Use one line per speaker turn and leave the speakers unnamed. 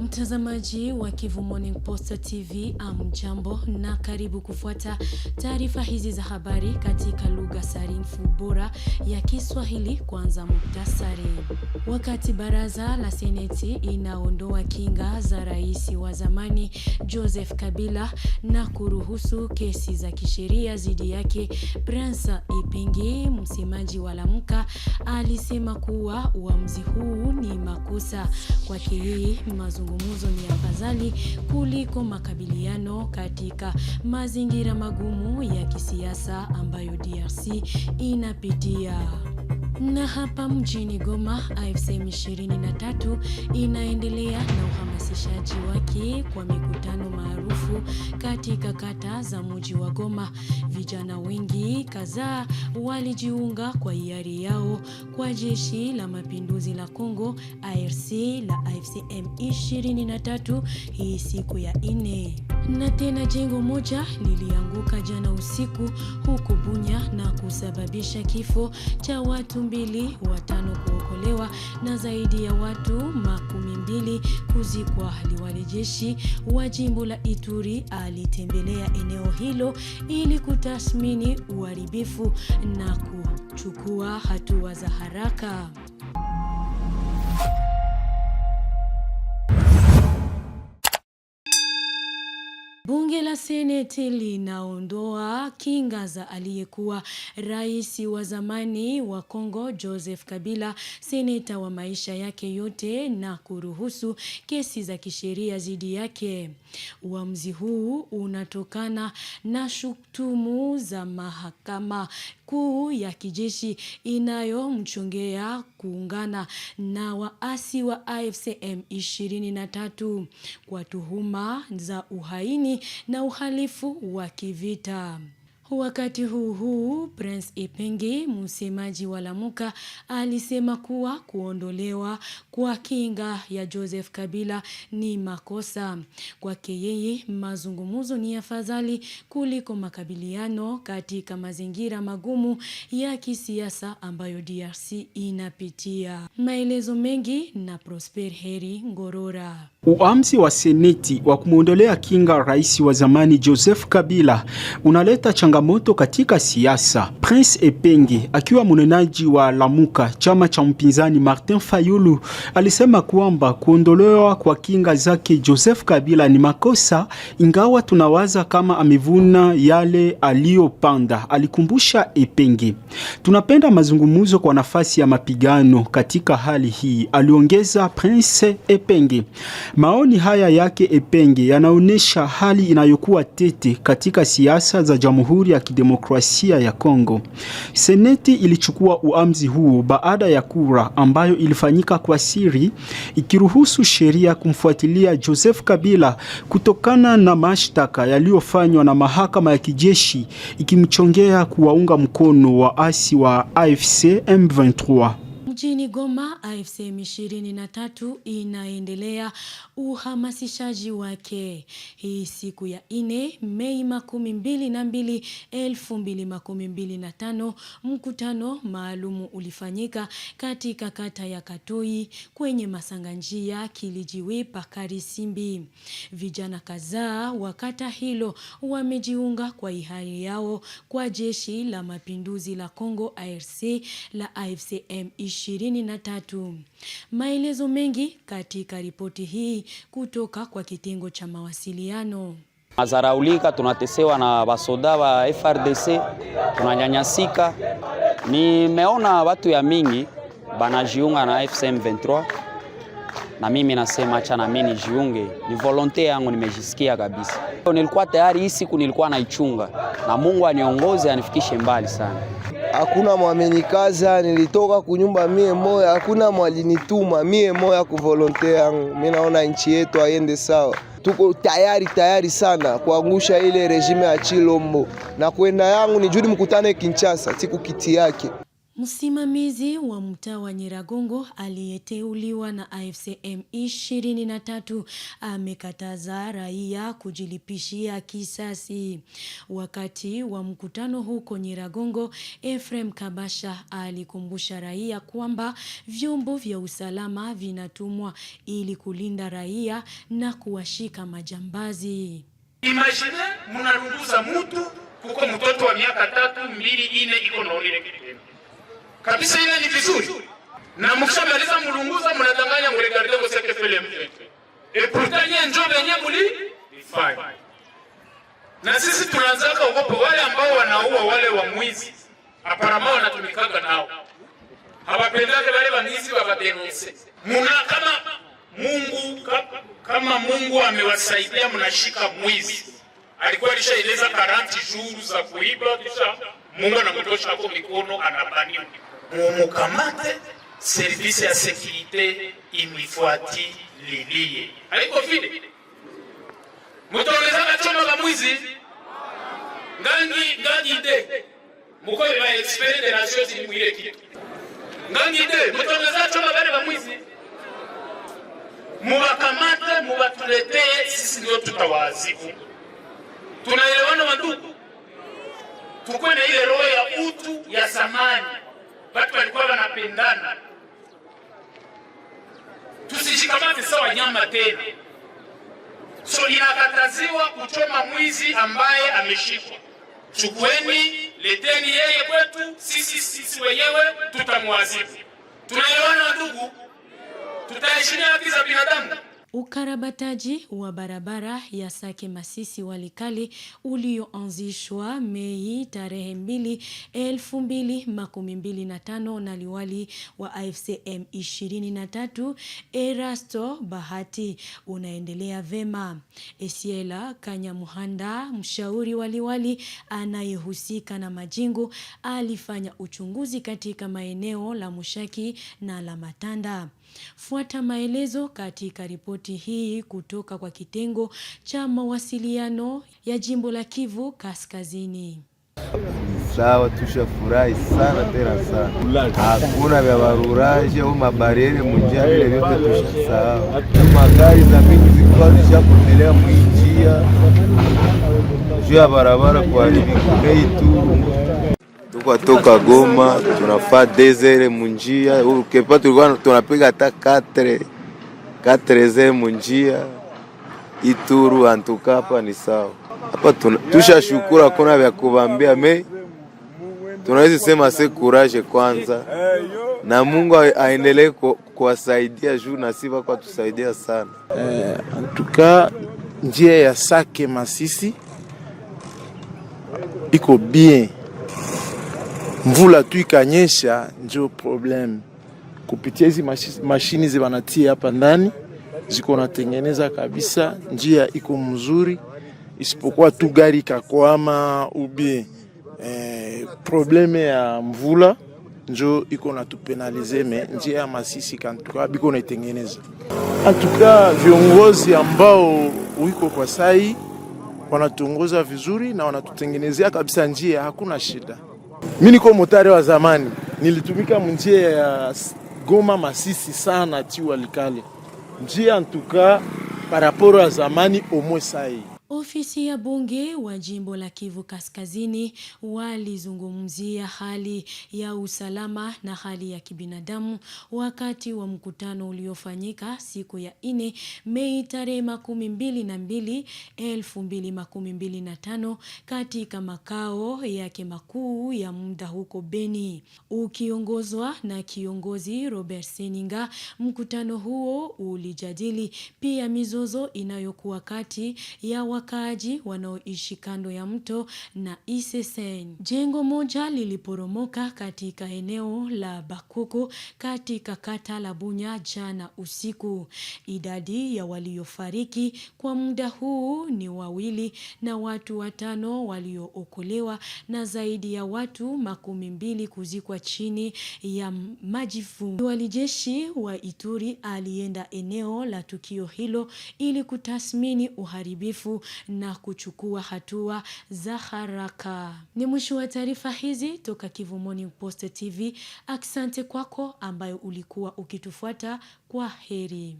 Mtazamaji wa Kivu Morning Post TV, amjambo na karibu kufuata taarifa hizi za habari katika lugha sarifu bora ya Kiswahili. Kwanza muktasari. Wakati baraza la seneti inaondoa kinga za rais wa zamani Joseph Kabila na kuruhusu kesi za kisheria dhidi yake, Prince Ipingi, msemaji wa Lamuka, alisema kuwa uamuzi huu ni makosa. Kwake yeye mazungumzo mazungumzo ni afadhali kuliko makabiliano katika mazingira magumu ya kisiasa ambayo DRC inapitia. Na hapa mjini Goma, AFC M23 inaendelea na uhamasishaji wake kwa mikutano maarufu katika kata za mji wa Goma. Vijana wengi kadhaa walijiunga kwa hiari yao kwa jeshi la mapinduzi la Kongo ARC la AFC M23 hii siku ya nne. Na tena jengo moja lilianguka jana usiku huku Bunya na kusababisha kifo cha watu mbili watano kuokolewa na zaidi ya watu makumi mbili kuzikwa. Liwali jeshi wa jimbo la Ituri alitembelea eneo hilo ili kutathmini uharibifu na kuchukua hatua za haraka. Bunge la Seneti linaondoa kinga za aliyekuwa rais wa zamani wa Kongo Joseph Kabila, seneta wa maisha yake yote na kuruhusu kesi za kisheria dhidi yake. Uamuzi huu unatokana na shutumu za mahakama kuu ya kijeshi inayomchongea kuungana na waasi wa AFC M23 kwa tuhuma za uhaini na uhalifu wa kivita. Wakati huu huu, Prince Ipenge, msemaji wa Lamuka, alisema kuwa kuondolewa kwa kinga ya Joseph Kabila ni makosa. Kwake yeye, mazungumzo ni afadhali kuliko makabiliano katika mazingira magumu ya kisiasa ambayo DRC inapitia. Maelezo mengi na Prosper Heri Ngorora.
Uamuzi wa seneti wa kumwondolea kinga rais wa zamani Joseph Kabila unaleta changa changamoto katika siasa. Prince Epenge akiwa mnenaji wa Lamuka, chama cha mpinzani Martin Fayulu, alisema kwamba kuondolewa kwa kinga zake Joseph Kabila ni makosa, ingawa tunawaza kama amevuna yale aliyopanda. Alikumbusha Epenge, tunapenda mazungumzo kwa nafasi ya mapigano katika hali hii, aliongeza Prince Epenge. Maoni haya yake Epenge yanaonyesha hali inayokuwa tete katika siasa za Jamhuri Jamhuri ya Kidemokrasia ya Kongo. Seneti ilichukua uamuzi huo baada ya kura ambayo ilifanyika kwa siri ikiruhusu sheria kumfuatilia Joseph Kabila kutokana na mashtaka yaliyofanywa na mahakama ya kijeshi ikimchongea kuwaunga mkono waasi wa AFC M23.
Mjini Goma, AFC M23 inaendelea uhamasishaji wake. Hii siku ya ine Mei makumi mbili na mbili elfu mbili makumi mbili na tano mkutano maalumu ulifanyika katika kata ya Katoi kwenye masanganjia Kilijiwe Pakari Karisimbi. Vijana kadhaa wa kata hilo wamejiunga kwa ihari yao kwa jeshi la mapinduzi la Kongo ARC la AFC M23 ishirini na tatu. Maelezo mengi katika ripoti hii kutoka kwa kitengo cha mawasiliano.
Azaraulika, tunatesewa na basoda wa FRDC, tunanyanyasika. Nimeona watu ya mingi banajiunga na FCM 23 na mimi nasema acha na mimi nijiunge, ni volonte yangu, nimejisikia kabisa. Nilikuwa tayari hii siku nilikuwa naichunga, na Mungu aniongoze anifikishe mbali sana
hakuna mwamenikaza, nilitoka kunyumba mie moya, hakuna mwalinituma mie moya kuvolonte yangu. Mimi naona nchi yetu aende sawa, tuko tayari tayari sana kuangusha ile rejime ya Chilombo na kwenda yangu nijudi mkutane Kinshasa siku kiti yake.
Msimamizi wa mtaa wa Nyiragongo aliyeteuliwa na AFC M23 amekataza raia kujilipishia kisasi. Wakati wa mkutano huko Nyiragongo, Ephraim Kabasha alikumbusha raia kwamba vyombo vya usalama vinatumwa ili kulinda raia na kuwashika majambazi.
Imagine mnalunguza mtu kuko mtoto wa miaka tatu mbili ine iko ile kitendo kabisa, ile ni vizuri, na mkishamaliza mulunguza, mnadanganya muregarde fele film e pourtant njo benye muli fine. Na sisi tunaanzaka ugopo wale ambao wanaua wale wa mwizi, aparama wanatumikaga nao, hawapendake wale wa mwizi wa wabadenonse. Muna kama Mungu kama Mungu amewasaidia, mnashika mwizi alikuwa alishaeleza karanti jours za kuiba, kisha Mungu anamtosha hapo mikono, anabaniwa mumukamate, service ya sekirite liliye Haiko vile mutaonezana chono la mwizi ngangi ngangide mukoye ba expert de nations ni mwile kitu ngangide mutaonezana chono bale ba mwizi muwakamate, muwatuletee, sisi ndio tutawazibu. Tunaelewana wandugu, tukwe na ile roho ya utu ya zamani watu walikuwa wanapendana. Tusishikamane sawa nyama tena. So inakataziwa kuchoma mwizi ambaye ameshikwa. Chukueni, leteni yeye kwetu, sisi sisi wenyewe tutamwazibu. Tunaelewana ndugu? Tutaheshimia haki za binadamu.
Ukarabataji wa barabara ya Sake Masisi Walikali ulioanzishwa Mei tarehe mbili elfu mbili makumi mbili na tano na liwali wa AFCM ishirini na Erasto Bahati unaendelea vema. Esiela Kanyamuhanda, mshauri wa liwali anayehusika na majingu, alifanya uchunguzi katika maeneo la Mushaki na la Matanda. Fuata maelezo katika ripoti hii kutoka kwa kitengo cha mawasiliano ya jimbo la Kivu Kaskazini.
Sawa, tushafurahi sana tena sana, hakuna vya baruraje au mabariere munjia, vile vyote tushasahau. Magari za mingi zikuwa zishapotelea mwinjia juu ya barabara, kwa bei tu tulikuwa toka Goma tunafaa desere munjia ukepa, tulikuwa tunapiga hata katre katreze munjia Ituru. Antuka hapa ni sawa, hapa tushashukuru, hakuna vya kubambia me, tunawezi sema se kuraje kwanza, na Mungu aendelee kuwasaidia juu na sifa kwa tusaidia sana
eh, antuka njia ya Sake Masisi iko bien mvula tu ikanyesha, njo problem. Kupitia hizi mashini zibanatia hapa ndani ziko natengeneza kabisa, njia iko mzuri, isipokuwa tu gari kakwama ubie eh, probleme ya mvula njo iko natupenalize me njia ya Masisi kantuka biko naitengeneza atuka. Viongozi ambao wiko kwa sai wanatuongoza vizuri na wanatutengenezea kabisa njia, hakuna shida. Mimi niko motari wa zamani, nilitumika mnjia ya Goma Masisi sana, tiwalikale njia antuka paraporo ya zamani omwe sai
Ofisi ya bunge wa jimbo la Kivu Kaskazini walizungumzia hali ya usalama na hali ya kibinadamu wakati wa mkutano uliofanyika siku ya nne Mei tarehe makumi mbili na mbili elfu mbili makumi mbili na tano katika makao yake makuu ya muda huko Beni, ukiongozwa na kiongozi Robert Seninga. Mkutano huo ulijadili pia mizozo inayokuwa kati ya wakaaji wanaoishi kando ya mto na Isesen. Jengo moja liliporomoka katika eneo la Bakuku katika kata la Bunya jana usiku. Idadi ya waliofariki kwa muda huu ni wawili na watu watano waliookolewa na zaidi ya watu makumi mbili kuzikwa chini ya majivu. Walijeshi wa Ituri alienda eneo la tukio hilo ili kutathmini uharibifu na kuchukua hatua za haraka. Ni mwisho wa taarifa hizi toka Kivu Morning Post TV. Asante kwako ambayo ulikuwa ukitufuata. Kwa heri.